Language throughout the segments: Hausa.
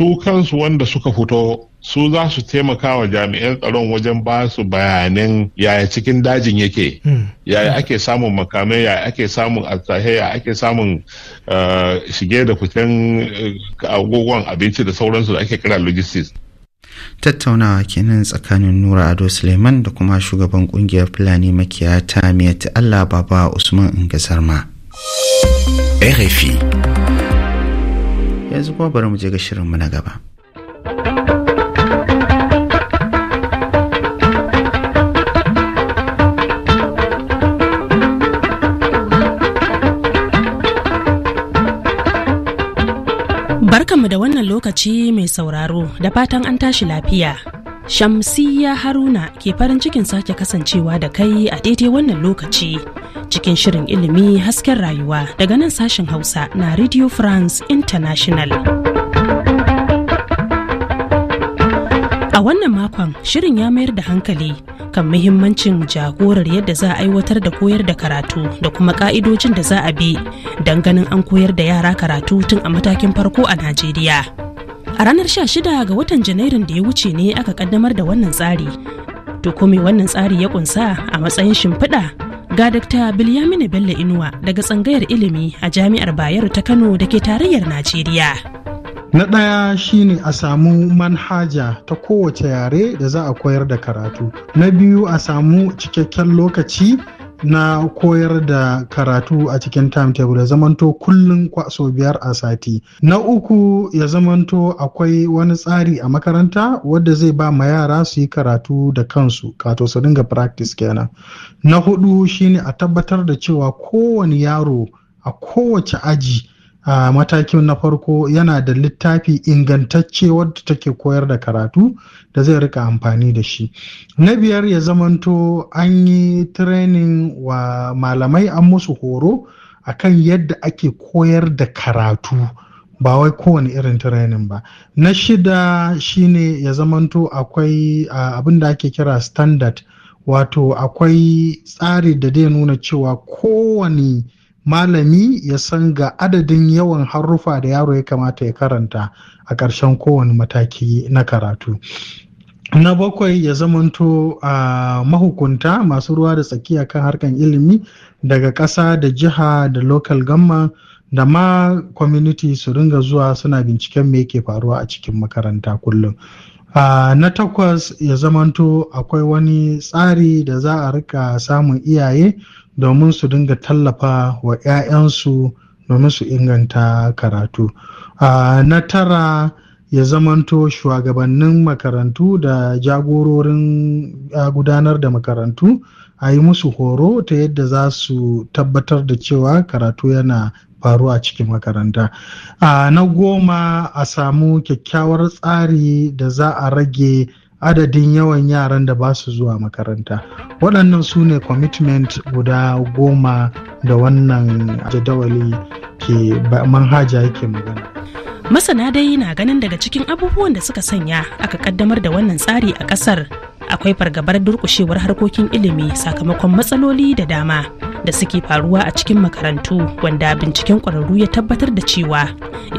su kansu wanda suka fito su za su taimaka wa jami'an tsaron wajen ba su bayanan yaya cikin dajin yake hmm. yaya ake samun makamai yaya ake samun altahe yaya ake samun eh, shige da fitan eh, agogon abinci da sauransu da ake kira logistics tattaunawa kenan tsakanin nura ado suleiman da kuma shugaban kungiyar fulani makiyata miyati allah baba usman ingasarma rfi yanzu kuma bari mu je ga shirinmu na gaba. Barkanmu da wannan lokaci mai sauraro da fatan an tashi lafiya. Shamsiyya Haruna ke farin cikin sake kasancewa da kai a daidai wannan lokaci cikin shirin ilimi hasken rayuwa daga nan sashen Hausa na Radio France International. A wannan makon shirin ya mayar da hankali kan muhimmancin jagorar yadda za a aiwatar da koyar da karatu da kuma ka'idojin da za a bi don ganin an koyar da yara karatu tun a matakin farko a Najeriya. A ranar 16 ga watan Janairun da ya wuce ne aka kaddamar da wannan tsari. To kome wannan tsari ya kunsa a matsayin shimfiɗa Ga Dr. Bilyaminu Bello Inuwa daga tsangayar ilimi a Jami'ar Bayero ta Kano da ke tarayyar Najeriya. Na ɗaya shine a samu manhaja ta kowace yare da za a koyar da karatu. Na biyu a samu cikakken lokaci na koyar da karatu a cikin timetable ya zamanto kullum kwaso biyar a sati na uku ya zamanto akwai wani tsari a makaranta wadda zai ba ma yara su yi karatu da kansu kato su dinga practice kenan na hudu shine a tabbatar da cewa kowane yaro a kowace aji a matakin na farko yana da littafi ingantacce wadda take koyar da karatu da zai rika amfani da shi na biyar ya zamanto an yi training wa malamai an musu horo akan yadda ake koyar da karatu ba wai kowane irin training ba na shida shine ya zamanto akwai abin da ake kira standard wato akwai tsari da zai nuna cewa kowane malami ya san ga adadin yawan haruffa da yaro ya kamata ya karanta a ƙarshen kowane mataki na karatu na bakwai ya zamanto a mahukunta masu ruwa da tsakiya kan harkan ilimi daga ƙasa da jiha da local gamma da ma community su ringa zuwa suna binciken me ke faruwa a cikin makaranta kullum a ah, na takwas ya zamanto akwai wani tsari da za a rika samun iyaye domin su dinga tallafa wa 'ya'yansu domin su inganta karatu. a ah, na tara ya zamanto shugabannin makarantu da jagororin ah, gudanar da makarantu a yi musu horo ta yadda za su tabbatar da cewa karatu yana faru a cikin makaranta na goma a samu kyakkyawar tsari da za a rage adadin yawan yaran da ba su zuwa makaranta waɗannan su ne commitment guda goma da wannan jadawali ke manhaja yake magana masana dai na ganin daga cikin abubuwan da suka sanya aka kaddamar da wannan tsari a ƙasar akwai fargabar durƙushewar harkokin ilimi sakamakon matsaloli da dama da suke faruwa a cikin makarantu wanda binciken ƙwararru ya tabbatar da cewa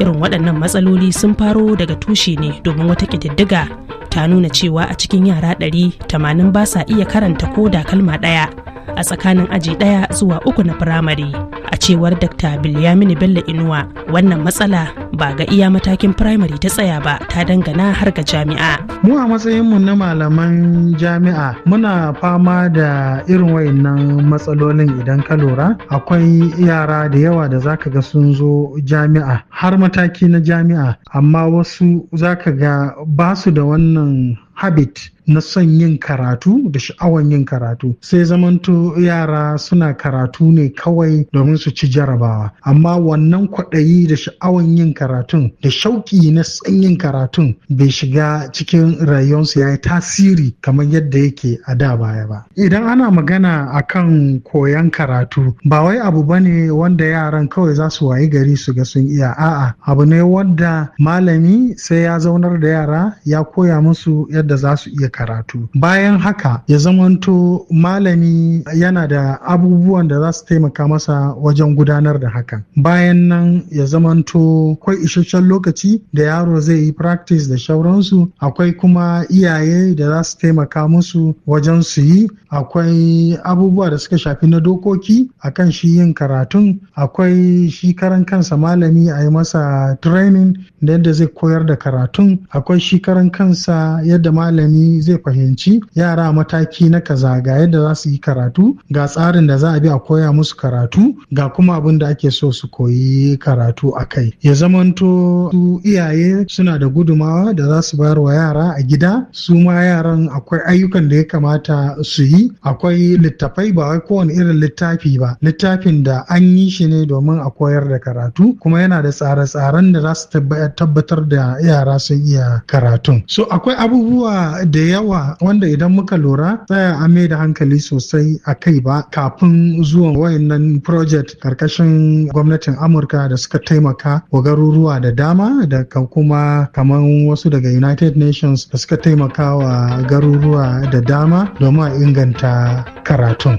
irin waɗannan matsaloli sun faro daga tushe ne domin wata ƙididdiga ta nuna cewa a cikin yara ɗari tamanin ba sa iya karanta ko da kalma ɗaya a tsakanin aji ɗaya zuwa uku na firamare a cewar dr bilyamini bello inuwa wannan matsala ba ga iya matakin firamare ta tsaya ba ta dangana har ga jami'a mu a matsayinmu na malaman jami'a muna fama da irin wayannan matsalolin idan ka lura akwai yara da yawa da zaka ga sun zo jami'a har mataki na jami'a amma wasu zaka ga ba su da wannan habit na son yin karatu da sha'awan yin karatu sai zamanto yara suna karatu ne kawai domin su ci jarabawa amma wannan kwaɗayi da sha'awan yin karatun da shauƙi na son yin karatun bai shiga cikin rayuwarsu ya yi tasiri kamar yadda yake a da baya ba idan ana magana a kan koyon karatu ba wai abu ba ne wanda yaran kawai za su wayi gari su ga sun iya a'a abu ne wanda malami sai ya zaunar da yara ya koya musu yadda za su iya karatu bayan haka ya zamanto malami yana da abubuwan da za su taimaka masa wajen gudanar da haka. bayan nan ya zamanto kwai isasshen lokaci da yaro zai yi practice da shauransu akwai kuma iyaye da za su taimaka musu wajen su yi akwai abubuwa da suka shafi na dokoki akan shi yin karatun akwai shi karan kansa malami a yi masa training da yadda zai koyar da karatun akwai shi karan kansa yadda malami zai fahimci yara mataki na kaza ga yadda za su yi karatu ga tsarin da za a bi a koya musu karatu ga kuma abin da ake so su koyi karatu a kai ya zamanto su iyaye suna da gudumawa da za su bayar wa yara a gida su ma yaran akwai ayyukan da ya kamata su yi akwai littafai ba wai kowane irin littafi ba littafin da an yi shi ne domin a koyar da karatu kuma yana da tsare-tsaren da za su tabbatar da yara sun iya karatun so akwai abubuwa da yawa wanda idan muka lura tsaya a mai da hankali sosai a kai ba kafin zuwan wayannan project karkashin gwamnatin amurka da suka taimaka wa garuruwa da dama da kuma kamar wasu daga united nations da suka taimaka wa garuruwa da dama domin a inganta karatun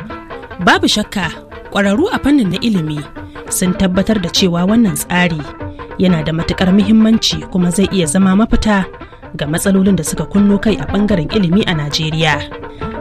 babu shakka kwararru a fannin na ilimi sun tabbatar da cewa wannan tsari yana da matukar muhimmanci kuma zai iya zama mafita ga matsalolin da suka kunno kai a bangaren ilimi a Najeriya.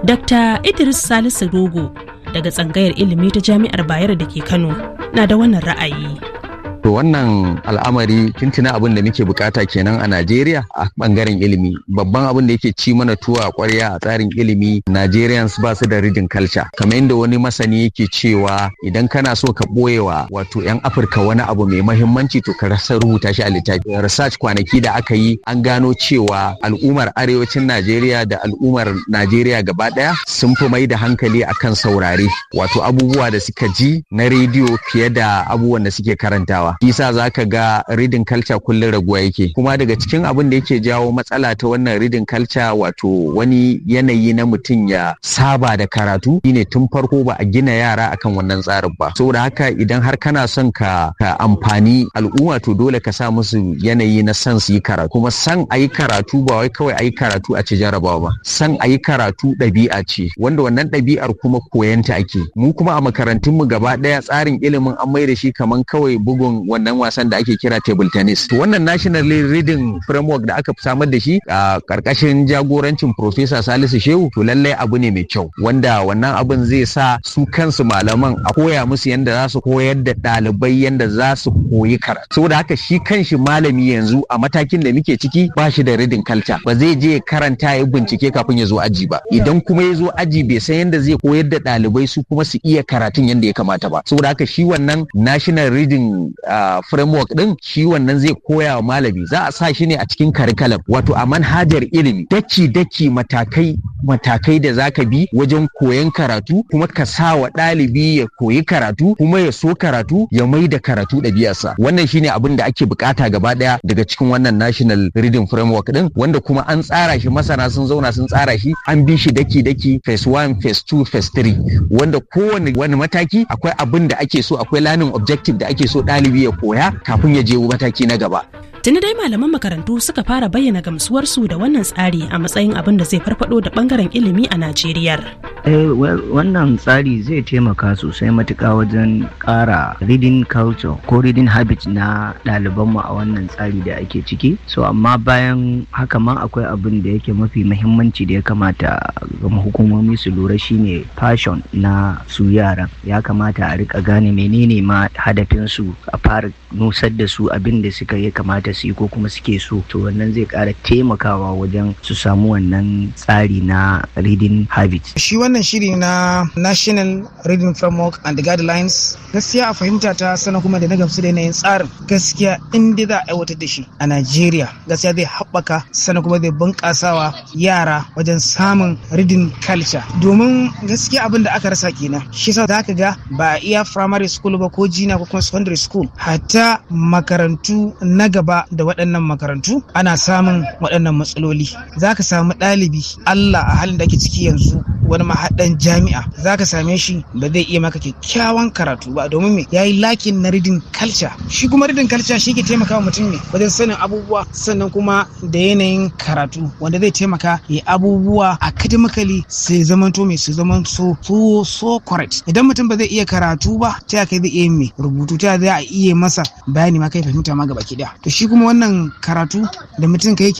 Dr. Idris Salisu Rogo daga tsangayar ilimi ta Jami'ar Bayero da ke Kano na da wannan ra'ayi. to wannan al'amari tuntuna abin da muke bukata kenan a najeriya a bangaren ilimi babban abin da yake ci mana tuwa kwarya a tsarin ilimi nigerians ba su da rijin culture kamar yadda wani masani yake cewa idan kana so ka boyewa wato yan afirka wani abu mai mahimmanci to ka rasa rubuta shi a littafi research kwanaki da aka yi an gano cewa al'ummar arewacin najeriya da al'ummar najeriya gaba daya sun fi mai da hankali akan saurare wato abubuwa da suka ji na rediyo fiye da abubuwan da suke karantawa yawa za ka ga reading culture kullum raguwa yake kuma daga cikin abin da yake jawo matsala ta wannan reading culture wato wani yanayi na mutum ya saba da karatu shine tun farko ba a gina yara akan wannan tsarin ba saboda haka idan har kana son ka, ka amfani al'umma to dole ka sa musu yanayi na son su yi karatu kuma san a yi karatu ba wai kawai a yi karatu a ci jarabawa ba san a yi karatu ɗabi'a ce wanda wannan ɗabi'ar kuma koyanta ake mu kuma a makarantunmu gaba ɗaya tsarin ilimin an mai da shi kaman kawai bugun wannan wasan da ake kira table tennis to wannan national reading framework da aka samar da shi a karkashin jagorancin professor Salisu Shehu to lallai abu ne mai kyau wanda wannan abin zai sa su kansu malaman a koya musu yadda za su koyar da ɗalibai yadda za su koyi karatu saboda haka shi kanshi malami yanzu a matakin da muke ciki ba shi da reading culture ba zai je karanta ya bincike kafin ya zo aji ba idan kuma ya zo aji bai san yadda zai koyar da ɗalibai su kuma su iya karatun yadda ya kamata ba saboda haka shi wannan national reading framework din shi wannan zai koya wa malami za a sa shi ne a cikin curriculum wato a manhajar ilimi daki daki matakai matakai da za ka bi wajen koyan karatu kuma ka sa wa ɗalibi ya koyi karatu kuma ya so karatu ya mai da karatu ɗabi'arsa wannan shine abin da ake bukata gaba ɗaya daga cikin wannan national reading framework din wanda kuma an tsara shi masana sun zauna sun tsara shi an bi shi daki daki phase 1 phase 2 phase 3 wanda kowane wani mataki akwai abin da ake so akwai learning objective da ake so ɗalibi ya koya kafin ya je mataki na gaba Tuni dai malaman makarantu suka fara bayyana gamsuwarsu da wannan tsari a matsayin abin da zai farfado da bangaren ilimi a Najeriya. Eh, wannan tsari zai taimaka sosai matuka wajen ƙara reading culture ko reading habit na ɗalibanmu a wannan tsari da ake ciki. So amma bayan haka ma akwai abin da yake mafi muhimmanci da ya kamata ga hukumomi su lura shine fashion na su yaran. Ya kamata a riƙa gane menene ma hadafinsu a fara nusar da su abin da suka yi kamata da su yi ko kuma suke so to wannan zai ƙara taimakawa wajen su samu wannan tsari na reading habit shi wannan shiri na national reading framework and guidelines gaskiya a fahimta ta sana kuma da na gamsu da yanayin tsarin gaskiya inda za a aiwatar da shi a najeriya gaskiya zai haɓaka sana kuma zai bunƙasawa yara wajen samun reading culture domin gaskiya abin da aka rasa kenan shi sa za ka ga ba iya primary school ba ko jina ko kuma secondary school hatta makarantu na gaba da waɗannan makarantu ana samun waɗannan matsaloli za ka samu ɗalibi allah a halin da ke ciki yanzu wani mahaɗan jami'a za ka same shi ba zai iya maka kyakkyawan karatu ba domin me ya yi lakin na ridin kalca shi kuma ridin kalca shi ke taimakawa mutum ne wajen sanin abubuwa sannan kuma da yanayin karatu wanda zai taimaka ya abubuwa a academically sai zamanto mai su zaman so so correct idan mutum ba zai iya karatu ba ta kai zai iya mai rubutu ta za a iya masa bayani ma kai fahimta ma gaba ki to shi kuma wannan karatu da mutum yake.